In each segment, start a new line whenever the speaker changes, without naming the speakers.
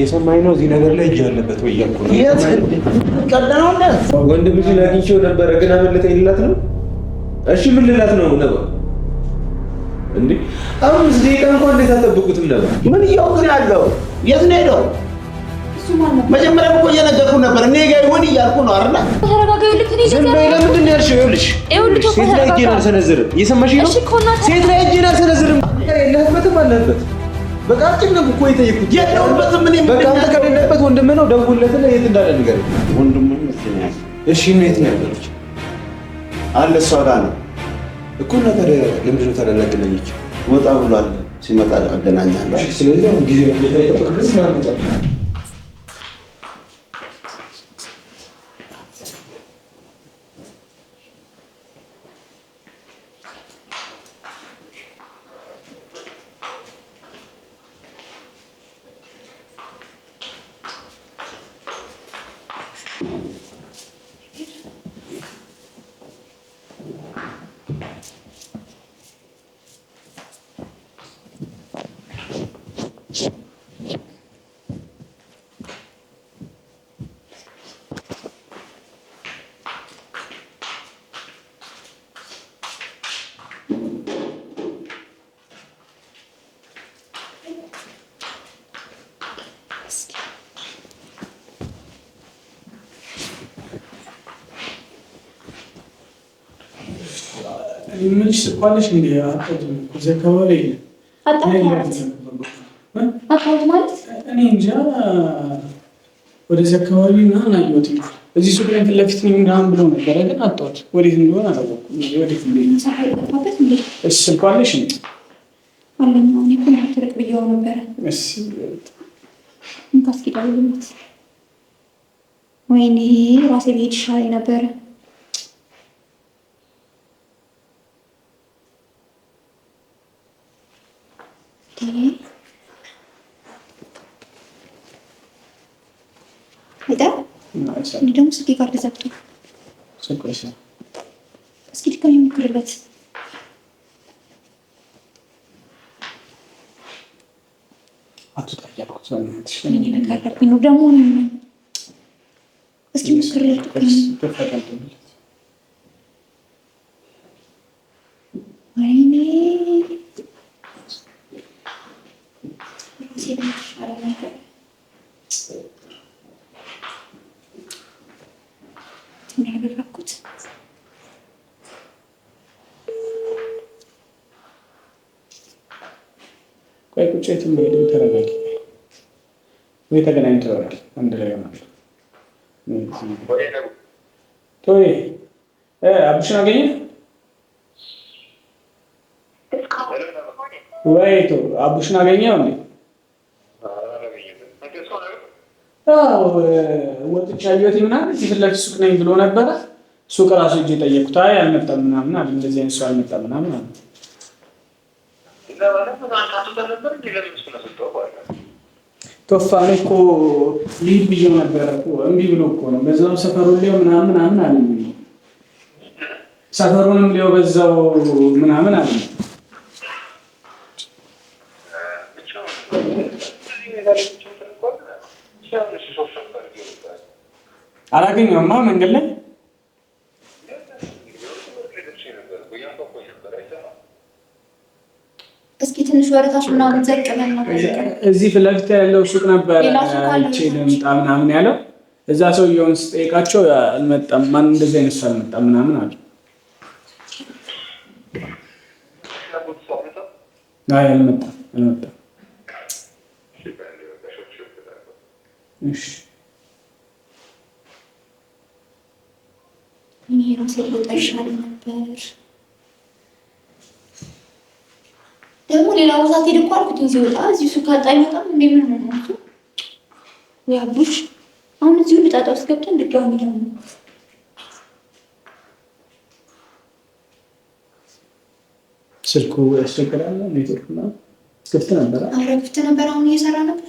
የሰማኝ ነው። እዚህ ነገር ላይ እጅ አለበት ወይ እያልኩ
ነው።
ወንድም አግኝቼው ነበረ፣ ግን አመለጠኝ ልላት ነው። እሺ ምን ልላት ነው ነበር እንዴ? አሁን እዚህ ደቂቃ እንኳን እንዴት አልጠብቁትም ነበር።
ምን እያወቅን ያለው የት ነው ሄደው? መጀመሪያ እኮ እየነገርኩ ነበር፣ እኔ ጋር ይሆን እያልኩ ነው አይደል?
ለምንድን ነው ያልሽው? ይኸውልሽ ሴት ላይ እጄን አልሰነዝርም። እየሰማሽኝ ነው? ሴት ላይ እጄን አልሰነዝርም። የለህበትም አለህበት በቃ አትጨነቅ እኮ የጠየኩት
የለሁበትም። እኔ
በቃ አንተ ከሌለበት ወንድምህ ነው፣ ደውልለትና የት እንዳለ ንገረኝ። ወንድምህ ይመስለኛል። እሺ ነው የት ነው ያለች? አለ እሷ ጋር ነው እኮ እና ታዲያ ለምንድን ነው ታዲያ ላገናኘችው? ወጣ ብሏል፣ ሲመጣ አገናኛለሁ። ስለዚህ ጊዜ ምንሽ ስኳለሽ እንግዲህ አጣሁትም እዚህ አካባቢ ወደዚህ አካባቢ ምናምን አየሁት እዚህ ሱቅ ላይ ፊት ለፊት ምናምን ብሎ ነበረ፣ ግን አጣሁት። ወዴት እንደሆነ አላወኩም።
ወዴት ስልኳለሽ ወይኔ ራሴ ብሄድ ይሻለኝ ነበረ። ጋር
ልዘግቶ
እስኪ ድጋሚ ሞክርበት። ደግሞ እስኪ ሞክርለት
ቆይ ቁጭ የትም ሄድም ተረጋጊ። ወይ ተገናኝ ትበላል አንድ ላይ ሆናል። ቶይ አብሽን አገኘ ወይ ቶ አቡሽን አገኘ ሆነ ወጥቻ ዩት ምናምን ፊት ለፊት ሱቅ ነኝ ብሎ ነበረ። ሱቅ ራሱ እጅ የጠየኩት አይ አልመጣም ምናምን አለ። እንደዚህ አይነት ሰው አልመጣም ምናምን አለ። ቶፋን እኮ ሊድ ብዬ ነበረ እምቢ ብሎ እኮ ነው። በዛው ሰፈሩን ሊያው ምናምን ምናምን አለ። ሰፈሩንም ሊው በዛው ምናምን አለ። አላገኘውማ መንገድ ላይ
እስኪ ትንሽ ወረታሽ ምናምን ዘቅ
እዚህ ፊት ለፊት ያለው ሱቅ ነበር ቼ ልምጣ ምናምን ያለው እዛ ሰውየውን ስጠይቃቸው አልመጣም፣ ማን እንደዚህ አይነት ሰው አልመጣም ምናምን አሉ። አይ አልመጣም አልመጣም። እሺ
ይሄ ነው ሰው ነበር ደግሞ ሌላ ቦታ ትሄድ እኮ አልኩት። ሲወጣ እዚሁ እሱ ካጣ እንዴ? ምን ነው እሱ ቡሽ አሁን እዚሁ ልጣጣ ውስጥ ገብተን ድጋሚ ደግሞ
ስልኩ ያስቸግራል። ኔትወርክ ምናምን ክፍት ነበረ፣
ክፍት ነበረ። አሁን እየሰራ ነበር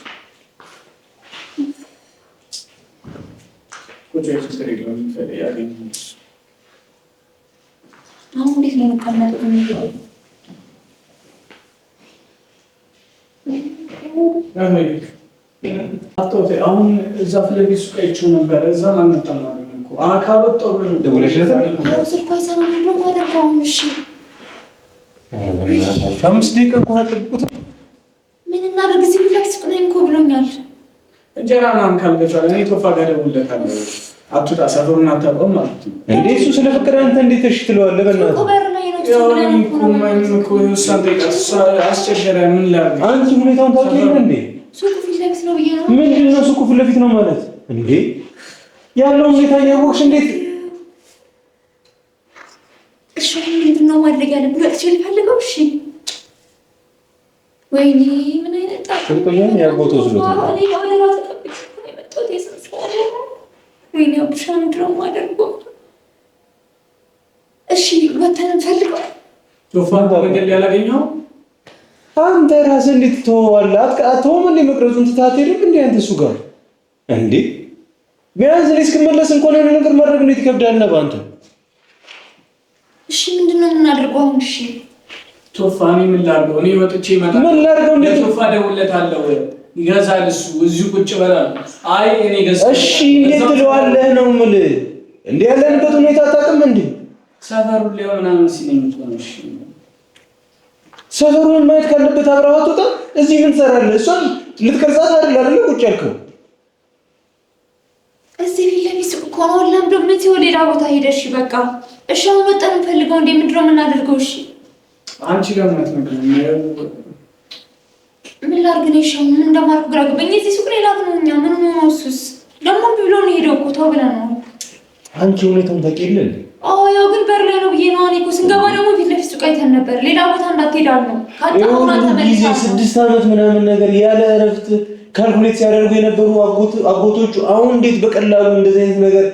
Muchos de estos arreglos inferiores.
Aún dicen que hablar conmigo.
አቶቴ አሁን እዛ ፊት ለፊት ሱቅ አይቼው ነበረ። እዛ ላንጠናለ አካበጦ አምስት ደቂቃ ጠብቁት።
ምን እናደርግ እዚህ ሱቅ ነኝ እኮ ብሎኛል።
እንጀራ ምናምን ካልገዛሁ እኔ ቶፋ ጋር እደውልለታለሁ። አትወጣ ሰፈሩን አታውቀውም ማለት እንዴ? እሱ ስለ ፍቅር አንተ እንዴት እሺ ትለዋለህ? አስቸገረኝ። ምን ላድርግ? አንቺ ሁኔታውን ታውቂ ታውቂያለሽ እንዴ? ምንድን ነው ሱቁ ፊት ለፊት ነው ማለት እንዴ? ያለውን ሁኔታ እያወቅሽ እንዴት
እሺ? ምንድን ነው ማድረግ ያለብን? ወጥቼ ልፈልገው እሺ ወይኔ ምን አይነት
ሽርቁያን ያጎቶ ስሎት
ነው። ወይኔ አቡሻ ምንድን
ነው አንተ ራስህ እንዴት ትተወዋለህ? አትተውም እንዴ? መቅረጹን ትተህ አትሄድም እንዴ? አንተ እሱ ጋር እንዴ ቢያንስ እኔ እስክመለስ እንኳን የሆነ ነገር ማድረግ እንዴት ይከብዳል? በአንተ
እሺ ምንድን ነው የምናደርገው አሁን? እሺ
ቶፋ ምን ላርገው? እኔ ወጥቼ ይመጣል። ምን ላድርገው? እንዴት ቶፋ ደውለታለሁ። ይገዛል እሱ እዚሁ ቁጭ በላል። አይ እኔ ገዛል። እሺ እንዴት ትለዋለህ ነው የምልህ። እንዴ ያለንበት ሁኔታ አታውቅም እንዴ? ሰፈሩ ሊሆን ምናምን ሲለኝ እኮ ነው። እሺ ሰፈሩን ማየት ካለበት አብረህ አትወጣ። እዚህ ምን ትሰራለህ? እሷን ልትቀርጻት አይደል አይደል ቁጭ ያልከው?
እዚህ ፊት ለፊት ከሆነ ሁላም ዶምነት የወሌዳ ቦታ ሄደሽ በቃ እሺ፣ አሁን ወጣን እንፈልገው እንዴ ምንድነው የምናደርገው? እሺ
አንቺ ለምን አትነግሪኝ?
ምን ላድርግ ነው የሻው? ምን እንደማድረግ ግራ ገባኝ። እዚህ ሱቅ ሌላ ነው። እኛ ምን ነው እሱስ ደግሞ ብሎ ነው ሄደው እኮ ተው ብለን ነው።
አንቺ ሁኔታውን ታውቂያለሽ።
አዎ ያው ግን በር ላይ ነው ብዬ ነው። እኔ እኮ ስንገባ ደግሞ ፊት ለፊት ሱቅ አይተን ነበር። ሌላ ቦታ እንዳትሄድ አልነው።
ጊዜ ስድስት አመት ምናምን ነገር ያለ እረፍት ካልኩሌት ሲያደርጉ የነበሩ አጎቶቹ አሁን እንዴት በቀላሉ እንደዚህ አይነት ነገር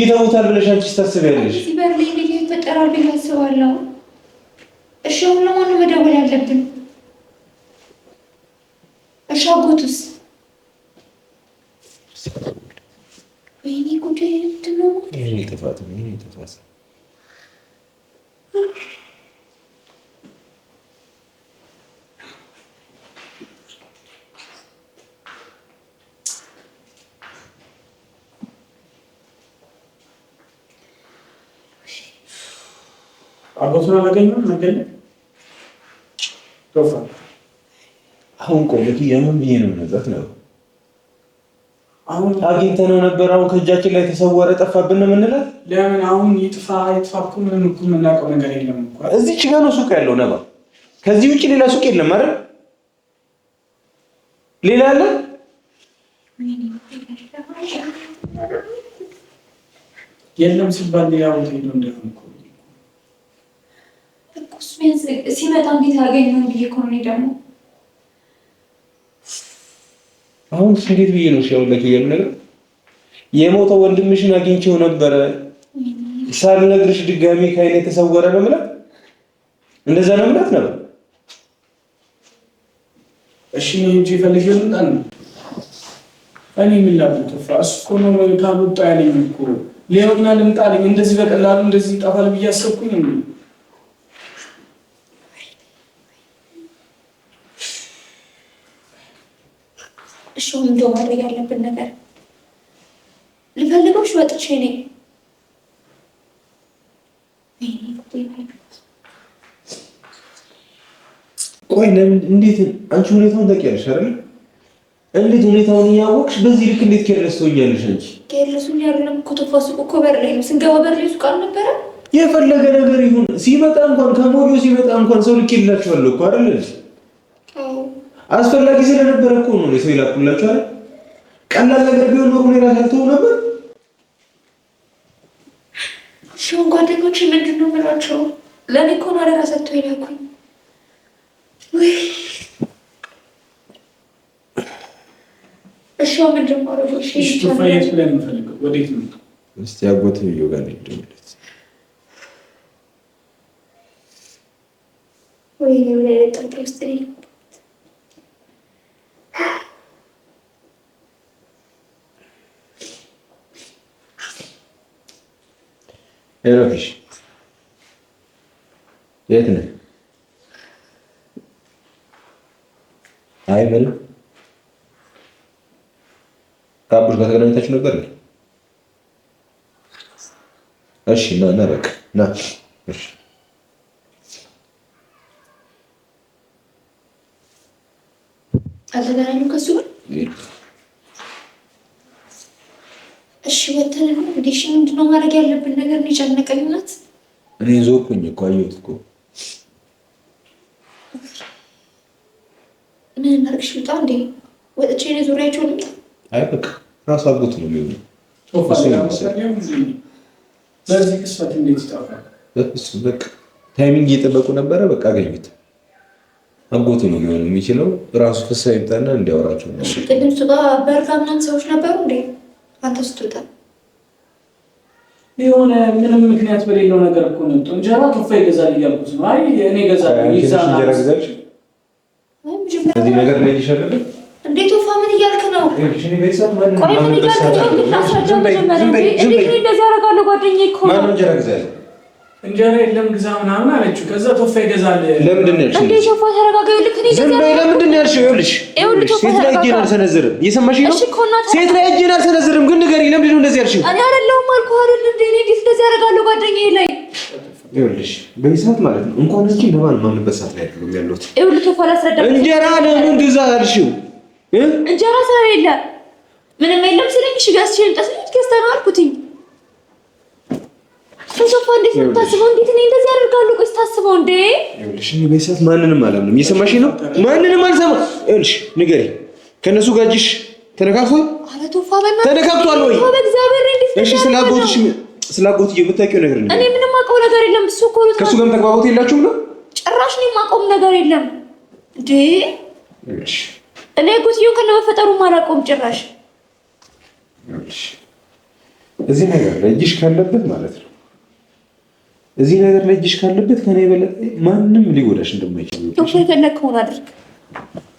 ይተውታል ብለሽ አንቺ ታስቢያለሽ?
በር ላይ እንዴት ይፈጠራል ብዬ አስባለሁ። እሺ፣ አሁን ለማን መደወል ያለብን? እሺ፣ አጎቱስ? ወይኔ ጉዴ! ምንድን
ነው አጎቱን አላገኘሁም። አሁን ቆይ ልክ የምን ብዬ ነው የምነግራት ነው። አሁን አግኝተነው ነበር። አሁን ከእጃችን ላይ ተሰወረ፣ ጠፋብን ነው የምንላት። ለምን አሁን ይጥፋ ይጥፋ እኮ ምንም እኮ የምናውቀው ነገር የለም እኮ። እዚች ጋ ነው ሱቅ ያለው ነባ። ከዚህ ውጭ ሌላ ሱቅ የለም አይደል? ሌላ አለ የለም ሲባል ሌላ ቦታ ሄዶ እንደሆነ
እኮ ሲመጣ እንዴት አገኘው ብዬ እኮ ደግሞ
አሁን እንዴት ብዬ ነው ሲያው ለክ ነገር የሞተ ወንድምሽን አግኝቼው ነበረ ሳልነግርሽ ድጋሚ ከአይኔ የተሰወረ ነው ማለት እንደዛ ነው ማለት ነው። እሺ ነው እንጂ ፈልገልን አለ እኔ ምን ላሉ ተፋ እሱ ነው ታሉጣ ያለኝ እኮ ሊሆንና ልምጣልኝ እንደዚህ በቀላሉ እንደዚህ ይጠፋል ብዬ አሰብኩኝ።
እሱም እንደው ማድረግ ያለብን ነገር ልፈልገው ወጥቼ ነኝ።
ቆይ ለምን እንዴት አንቺ ሁኔታውን ታውቂያለሽ አይደል? እንዴት ሁኔታውን እያወቅሽ በዚህ ልክ እንዴት ኬርለስ ትሆኛለሽ አንቺ?
ኬርለስ ሆኜ አይደለም እኮ ቶፋ እኮ በር ላይ ነው ስንገባ፣ በር ላይ ሱቅ አልነበረ
የፈለገ ነገር ይሁን ሲመጣ እንኳን ከሞዲዮ ሲመጣ እንኳን ሰው ልክ ይላችኋል እኮ አይደል? አዎ አስፈላጊ ስለነበረ እኮ ነው ለሰው ይላኩላችሁ አይደል? ቀላል ነገር ቢሆን ኖሮ ነው ተው ነበር።
ሲሆን ጓደኞቼ ምንድን ነው የምላቸው? ለኔ እኮ ነው ለራሳቸው ይላኩኝ። እሺ ምንድን ነው
እሺ ወዴት ነው? እስቲ አጎት ጋር ልደውልለት።
ነው
ሄሮሽ የት ነህ? አይ ምን ከአቡሽ ጋር ተገናኝታችሁ ነበር? እሺ ና ና በቃ ና እሺ
አልተገናኙም ከሱ ጋር። እሺ ወተን እንግዲህ እሺ፣ ምንድነው ማድረግ ያለብን ነገር? ነው የጨነቀኝ ናት።
እኔ ዞኩኝ እኮ አየሁት እኮ።
ምን እናድርግሽ? ልውጣ እንዴ? ወጥቼ እኔ ዙሪያቸው ልምጣ?
አይ በቃ ራሱ አብሮት ነው የሚሆነው። በዚህ ክስተት እንዴት ይጠፋል? በቃ ታይሚንግ እየጠበቁ ነበረ። በቃ አገኙት። አጎቱ ነው ሊሆን የሚችለው። ራሱ ፍሳ ይምጣና እንዲያወራቸው።
ቅድም እሱ ጋር በርጋ ምናምን ሰዎች ነበሩ እንዴ? አንተ ስትወጣ
የሆነ ምንም ምክንያት በሌለው ነገር እኮ ነጡ እንጀራ ቶፋ ይገዛል እያልኩት ነው። አይ እኔ እገዛለሁ። እዚህ ነገር ላይ ይሻላል
እንዴ? ቶፋ ምን እያልክ ነው? ቆይ ምን እያልክ ነው? አስረጃ መጀመሪያ እንዴ እንደዚህ ያደርጋለሁ ጓደኛዬ እኮ
ነው። ማን እንጀራ ግዛል እንጀራ የለም ግዛ ምናምን አለችው። ከዛ ቶፋ ይገዛል። ለምንድን ነው ያልሽኝ?
ቶፋ ተረጋጋ።
ሴት ላይ እጄን አልሰነዝርም። እየሰማሽኝ ነው? ሴት ላይ እጄን አልሰነዝርም። ግን ንገሪኝ፣ ለምንድን ነው እንደዚህ ያልሽኝ?
እኔ አይደለሁም አልኩህ አይደል? እንዴት እንደዚህ ያደርጋለሁ ጓደኛዬ ላይ
ይኸውልሽ በዚህ ሰዓት ማለት ነው እንኳን እዚህ ለማን ማምንበት ሰዓት ላይ አይደለም
ያለሁት። ይኸውልህ ቶፋ ላስረዳ።
እንጀራ ለምን ግዛ አልሽው?
እንጀራ ስለሌለ ምንም የለም ነው አልኩትኝ በሶፋ እንዴት ነው ታስበው? እንዴት ነው እንደዚህ ያደርጋሉ? ቆይ እንዴ? ይኸውልሽ
እኔ ማንንም አላምንም። ነው? ማንንም ይኸውልሽ ጋር እጅሽ ተነካክቷል?
ኧረ ቶፋ በእናትህ
ተነካክቷል ወይ?
በእግዚአብሔር እንዴት
የምታውቂው ነገር
እኔ ምንም አውቀው ነገር የለም። እሱ እኮ ነው
ተግባቦት የላችሁም ነው?
ጭራሽ እኔ የማውቀውም ነገር የለም እንዴ። እሺ እኔ ጭራሽ
እዚህ ነገር እጅሽ ካለበት ማለት ነው እዚህ ነገር ላይ እጅሽ ካለበት ከኔ የበለጠ ማንም ሊጎዳሽ እንደማይችል
የፈለግከውን አድርግ፣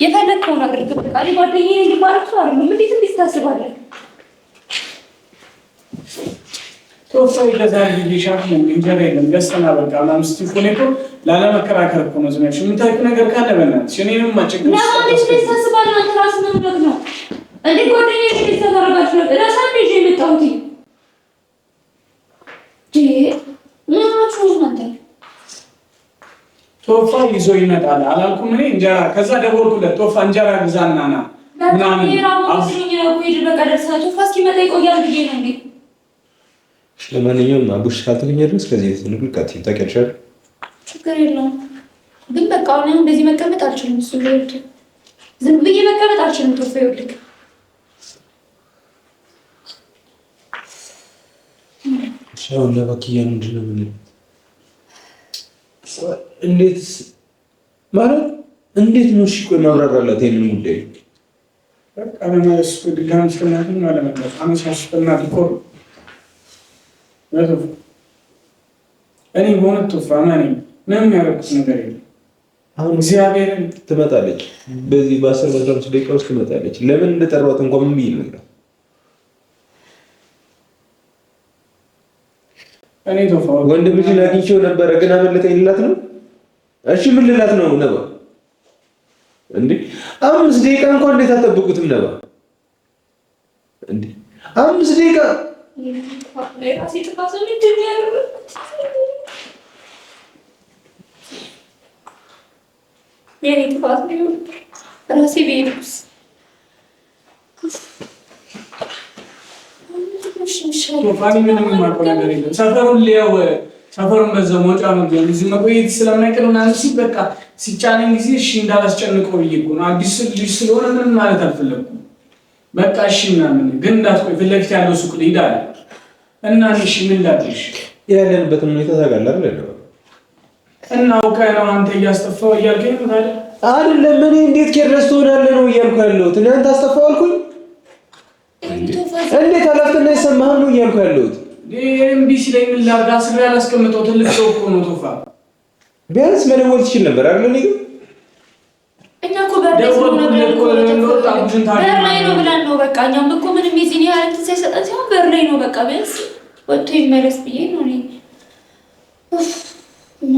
የፈለግከውን አድርግ። በቃ ጓደኛዬ እንዲማረሱ አሉ። እንዴት እንዴት ታስባለህ?
ተወሳይ ገዛ ሊሻ እንጀራ የለም በቃ ላለመከራከር እኮ ነው። ዝናሽ ነገር ካለ እኔንም ነው
እንዴ ራሳ ቤ
ቶፋ ይዞ ይመጣል አላልኩም እኔ እንጀራ። ከዛ ደወልኩለት ቶፋ እንጀራ ግዛና ና ምናምን ለማንኛውም አቡሽ ካልተገኘ ድረስ ከዚህ ንግል ቀጥ ታቀሻል።
ችግር የለውም ግን በቃ አሁን እንደዚህ መቀመጥ አልችልም። እሱ ይወድ ዝም ብዬ መቀመጥ አልችልም። ቶፋ ይኸውልህ
ሻውን ለበክያ ምንድነው ምንድነው እንዴት ማለት እንዴት ነው? እሺ ቆይ ማብራራላት ጉዳይ በቃ ለማለት እኮ ድጋሚ እኮ እኔ በእውነት ቶፋና ነኝ። ምንም ያደረኩት ነገር የለም። አሁን እግዚአብሔርን ትመጣለች። በዚህ በአስር በአስራ አምስት ደቂቃ ውስጥ ትመጣለች። ለምን እንደጠራኋት እንኳን ምን ብዬ ወንድ ልጅ አግኝቼው ነበረ ግን አመለጠኝ ልላት ነው። እሺ ምን ልላት ነው? ነባ እንዴ አምስት ደቂቃ እንኳን እንዴት አጠብቁትም? ነባ እንዴ አምስት ደቂቃ
የኔ ጥፋት ነው ራሴ ቤት
ምንም የማውቀው ነገር የለም። ሰፈሩን ሊያው ሰፈሩን በዛው መውጫ መግቢያ እዚህ መቆየት ስለማይቀር ምናምን ሲል በቃ ሲጫነኝ ጊዜ እሺ እንዳላስጨንቀው ብዬ እኮ ነው። አዲስ ልጅ ስለሆነ ምን ማለት አልፈለኩም። በቃ እሺ ምናምን ግን እንዳትቆይ ፊት ለፊት ያለው ሱቅ ልሂድ አለ እና እሺ ምን ላድርግ? ያለንበትን ሁኔታ ታውቃለህ አይደል? እና አውቀህ ነው አንተ እያስጠፋው እያልከኝ ነው ታዲያ አይደለም። እኔ እንዴት ኬርለስ ትሆናለህ ነው እያልኩ ያለሁት። እናንተ አስጠፋው አልኩኝ እንዴት አላፍትና የሰማህ ነው እያልኩ ያለሁት። እምቢ ላይ ምን ላድርግ? አስሬ አላስቀምጠው ትልቅ ሰው እኮ ነው ቶፋ። ቢያንስ መደወል ትችል ነበር አይደል? እኔ ግን እኛ እኮ ጋር በር ላይ ነው
ብለን ነው በቃ። እኛም እኮ ምንም የዚህን ያህል እንትን ሳይሰጠን ሲሆን በር ላይ ነው በቃ። ቢያንስ ወጥቶ ይመለስ ብዬ ነው እኔ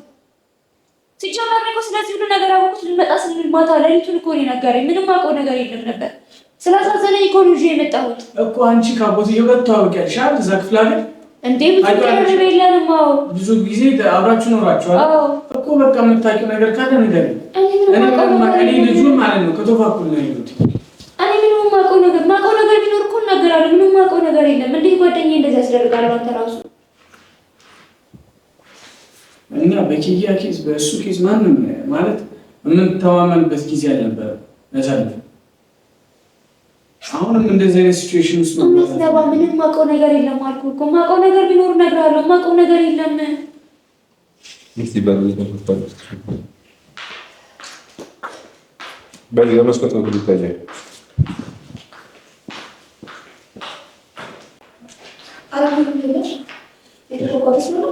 ሲጀመር እኮ ስለዚህ ሁሉ ነገር አውቁት ልመጣ ስንል ማታ ሌሊቱን እኮ ነው የነገረኝ። ምንም አውቀው ነገር የለም ነበር። ስላሳዘነኝ እኮ ነው የመጣሁት
እኮ። አንቺ ከአጎትዬው ጋር ትተዋወቂያለሽ አይደል? እዛ ክፍል አይደል
እንዴ? ብዙ ቅርብ የለንም። አዎ፣
ብዙ ጊዜ አብራችሁ ኖራችኋል እኮ። በቃ የምታውቂው ነገር ካለ ንገሪኝ። እኔ ልጁን ማለት ነው ከተፋኩል ነው ይሉት
እኔ ምንም ማውቀው ነገር ማውቀው ነገር ቢኖር እኮ እናገራለሁ። ምንም ማውቀው ነገር የለም። እንዴት ጓደኛዬ እንደዚህ ያስደርጋል? አንተ ራሱ
እና በኪያ ኬዝ በእሱ ኬዝ ማንም ማለት የምንተማመንበት ጊዜ አልነበረ ያሳልፍ። አሁንም እንደዚህ አይነት ሲቹዌሽን ውስጥ
ነው። ምንም ማውቀው ነገር የለም አልኩህ እኮ። ማውቀው ነገር ቢኖር እነግርሃለሁ። ማውቀው ነገር የለም።
በዚህ በመስኮት ነው ይታያል።
አረ ነው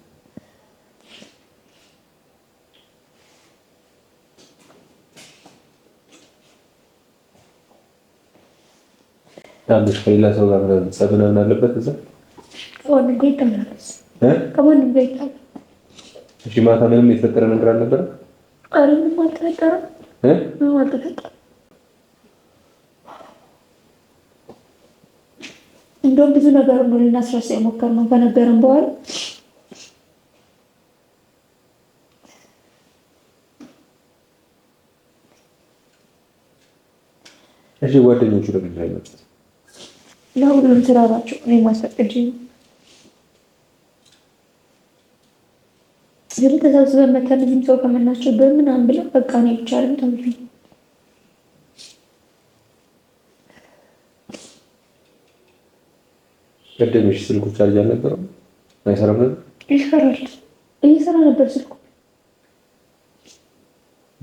ታምሽ ከሌላ ሰው ጋር ምናምን ምናምን አለበት እዛ እ ማታ ምንም የተፈጠረ ነገር አልነበረ? እ
እንደውም ብዙ ነገር ነው ልናስረሳ ነው ከነገርም በኋላ
እሺ ጓደኞቹ ደግሞ
ለሁሉም ስራ ናቸው። እኔ ማስፈቅድ ዝም ተሰብስበን መተን ዝም ሰው ከምናቸው በምናምን ብለው በቃ ነው ይቻልም ተብሎ
ቀደምሽ ስልኩ ቻርጅ አልነበረም፣ አይሰራም ነበር።
ይሰራል፣ እየሰራ ነበር ስልኩ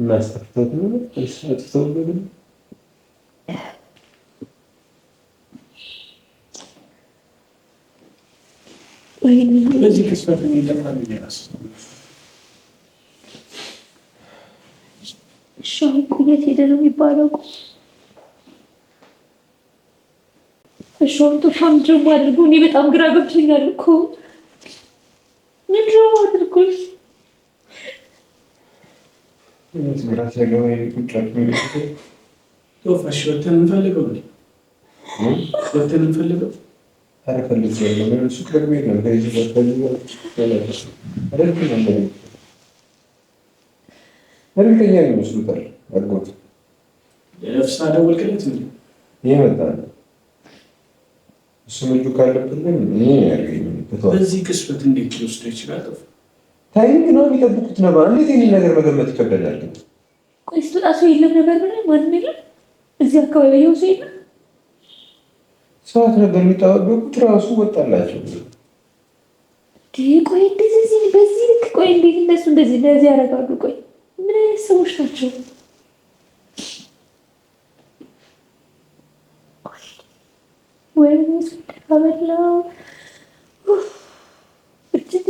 እናስጠፍታት ነው
አሁን ቁየት ሄደ ነው የሚባለው። እሺ አሁን ጥፋም ጀሞ አድርጎ እኔ በጣም ግራ ገብቶኛል እኮ ምንድን አድርጎ
ወተን እንፈልገው እርግጠኛ ይመስሉታል። አድርጎት ለፍስና ደወልክለት ይመጣል? እሱም እጁ ካለበት በዚህ ቅስበት እንዴት ይችላል? ታይም ነው የሚጠብቁት ነበር። እንዴት ይህን ነገር መገመት ይከበዳል?
ቆይ ስትወጣ ሰው የለም ነበር ብለህ ማንም የለም እዚህ አካባቢ ያየው ሰው የለም
ሰዓት ነበር የሚጠባበቁት ራሱ ወጣላቸው።
ቆይ እንደዚህ በዚህ ልክ ቆይ እንዴት እነሱ እንደዚህ እንደዚህ ያደርጋሉ? ቆይ ምን አይነት ሰዎች ናቸው? ወይ ተባበላው እጅግ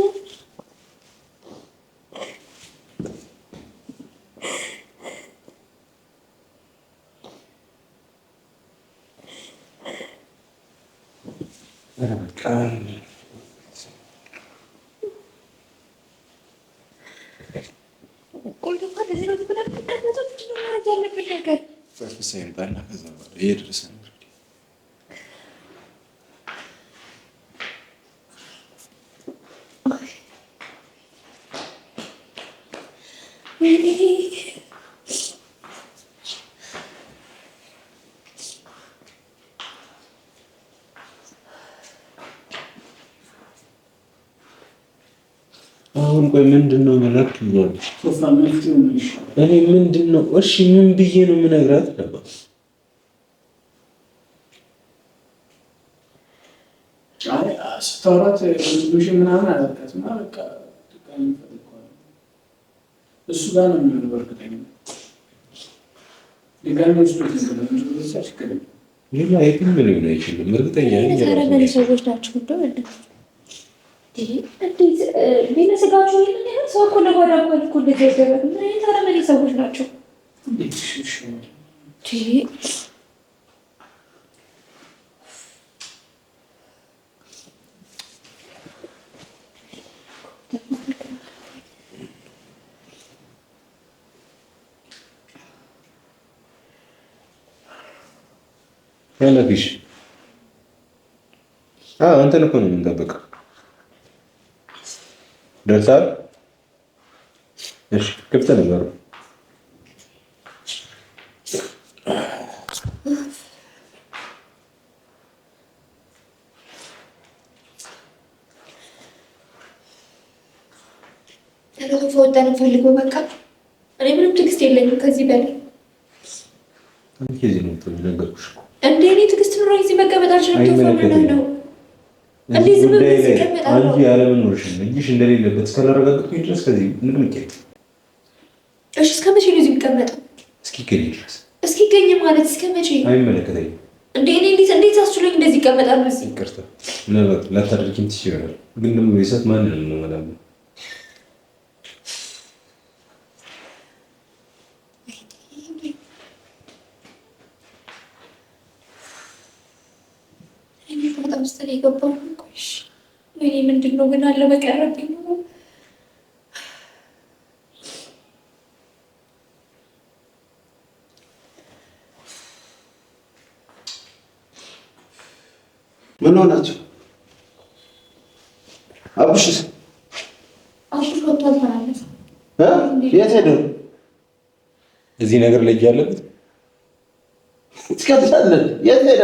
ቆይ ደግሞ እንደዚህ ነው
ያለብን ነገር እኔ ምንድን ነው እሺ፣ ምን ብዬ ነው የምነግራት ነበር? ስታወራት ምናምን አላልካትም። በቃ እሱ ጋር ነው የሚሆነው። በእርግጠኛ ድጋሚ የትም ሊሆን አይችልም። እርግጠኛ
ሰዎች ናቸው። እንዴት ቤተሰጋችሁ ይህን ያህል ሰው እኮ ለጓዳ እንኳን እኮ እንደዚህ አይደረግ። ምን አይነት አረመኔ ሰዎች ናቸው?
ያለፊሽ እንትን እኮ ነው የምንጠብቀው ደርሳል። እሺ ክፍት ነበሩ።
ከወጣን ፈልገው በቃ እኔ ምንም ትዕግስት የለኝም ከዚህ በላይ እንዴ እኔ ትዕግስት ኑሮ እዚህ መቀመጥ
አልችልም ነው አንቺ ያለመኖርሽን እጅሽ እንደሌለበት እስካላረጋገጥኩኝ ድረስ ከዚህ ንቅንቄ።
እሺ እስከ መቼ ነው እዚህ የሚቀመጠው?
እስኪገኝ ድረስ።
እስኪገኝ ማለት እስከ መቼ? እንዴት እንዴት አስችሎኝ እንደዚህ ይቀመጣል?
ላታደርጊም ግን ደግሞ የሰት ማንን ነው
መሰል የገባው ቆሽ እኔ ምንድን ነው ግን አለ በቀረብኝ
ምን ሆናችሁ? አቡሽስ አቡሽ የት ሄደ? እዚህ ነገር ላይ ያለበት ትቀጥላለህ። የት ሄደ?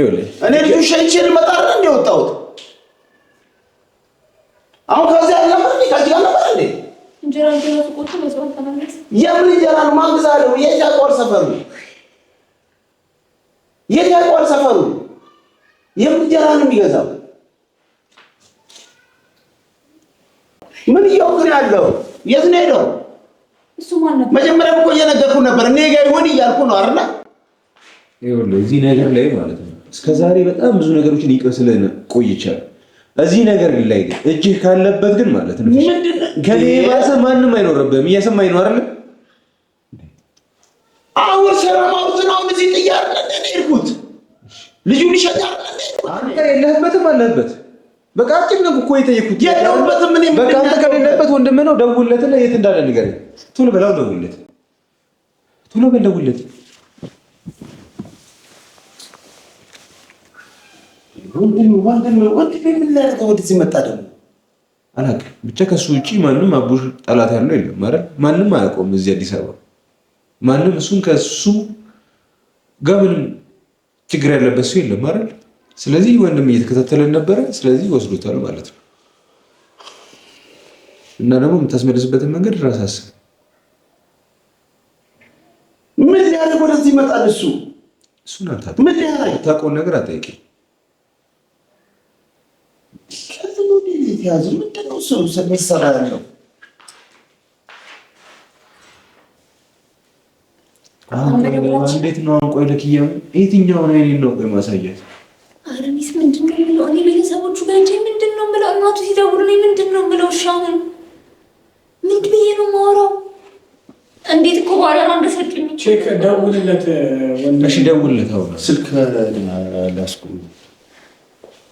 እኔ ልጁ ሸይቼ ልመጣ አይደል እንደ ወጣሁት። አሁን ከዚህ አይነት ነበር እንዴ? ከዚህ ጋር ነበር እንዴ? የምን እንጀራ ነው የት ሰፈሩ? የት ያቋል ሰፈሩ? የምን እንጀራ ነው የሚገዛው? ምን እያውቅን ያለው? የት ነው ሄደው? መጀመሪያ እኮ እየነገርኩህ ነበር እኔ ጋ ይሁን እያልኩ ነው አይደል? እዚህ ነገር ላይ ማለት ነው እስከ ዛሬ በጣም ብዙ ነገሮችን ይቅስልን ቆይቻል። እዚህ ነገር ላይ ግን እጅህ ካለበት ግን ማለት ነው ከኔ ባሰ ማንም አይኖርብህም። እየሰማኝ ነው አይደል? አሁን ሰላም አውርትን አሁን እዚህ ጥያር ርኩት ልጁ ሊሸጥ አንተ የለህበትም አለህበት በቃ አጭር ነው እኮ የጠየኩት።
የለሁበትም
በቃ አንተ ከሌለህበት ወንድምህ ነው። ደውልለትና የት እንዳለ ንገረኝ። ቶሎ በላው ደውለት፣ ቶሎ በል ደውልለት ወንድሜ ወንድሜ ምን ወደዚህ መጣ ደግሞ አላውቅም። ብቻ ውጭ ማንም አቡሽ ጠላት ያለው የለም። ማንም አያውቀውም እዚህ አዲስ አበባ ማንም እሱን ከሱ ጋር ምንም ችግር ያለበት ሰው የለም አይደል? ስለዚህ ወንድም እየተከታተለን ነበረ። ስለዚህ ወስዶታል ማለት ነው። እና ደግሞ የምታስመልስበትን መንገድ ራስ አስብ። ምን ሊያደርግ ወደዚህ ይመጣል? እሱ እሱን ምን ታውቀውን ነገር አጠያቂ የተያዙ ምንድነው ሰው ስንሰራ ያለው እንዴት ነው? ቆይ ልክየም የትኛውን አይኔን ነው ቆይ ማሳየት?
ኧረ ሚስ ምንድን ነው የምለው እኔ ቤተሰቦቹ ጋር እንጂ ምንድን ነው የምለው እናቱ ሲደውሉ እኔ ምንድን ነው የምለው? እሺ አሁን ምንድን ብዬ ነው የማወራው? እንዴት እኮ በኋላ ነው እንደሰጡኝ።
ቼክ ደውልለት፣ ወንድ እሺ፣ ደውልለት። አሁን ስልክ ላስቁም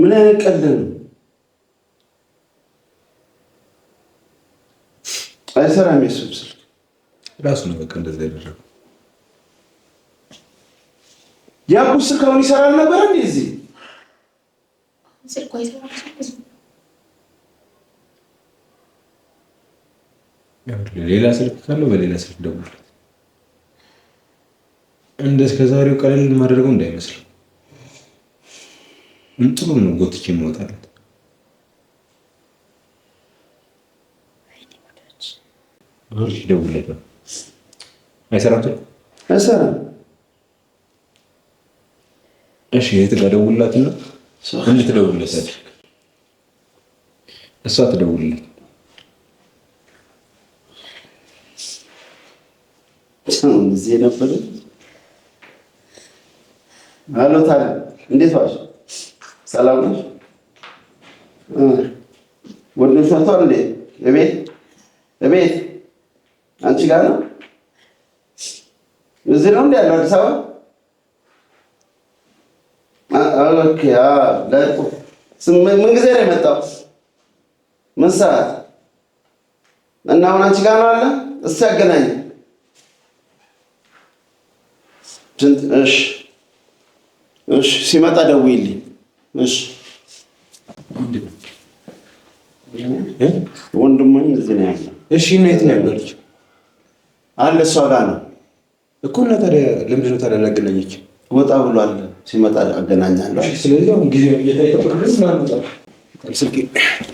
ምን አይነት ቀልድ ነው? አይሰራም። የሱም ስልክ ራሱ ነው በቃ እንደዛ ያደረገው። ያኩት ስልክ አሁን ይሰራል ነበር እንዴ? እዚህ ሌላ ስልክ ካለው በሌላ ስልክ ደውልለት። እንደ እስከዛሬው ቀለል የማደርገው እንዳይመስል እንትኑ ነው ጎትቼ የምወጣለት ደውልለት ነው አይሰራቱ አይሰራ። እሺ የት ጋር ደውልላት ነው እንድትደውልለት እሷ ትደውልለት ነበረ። አሎታ እንዴት ዋልሽ? ሰላም ነሽ? ወንዱ ሸቷል እንዴ? እቤት እቤት አንቺ ጋር ነው? እዚህ ነው እንዲ ያለው አዲስ አበባ ምን ጊዜ ነው የመጣው? ምን ሰዓት? እና አሁን አንቺ ጋር ነው አለ። እስኪ ያገናኝ። ሲመጣ ደውይልኝ። እሺ ወንድሙኝ እዚህ ነው ያለ። እሺ እና የት ነው ያለች? አለ እሷ ጋር ነው እኮ። እና ታዲያ ለምንድን ነው ታዲያ ላገናኘች? ወጣ አለ ሲመጣ አገናኛለሁ። ስለዚህ አሁን ጊዜ እየታየ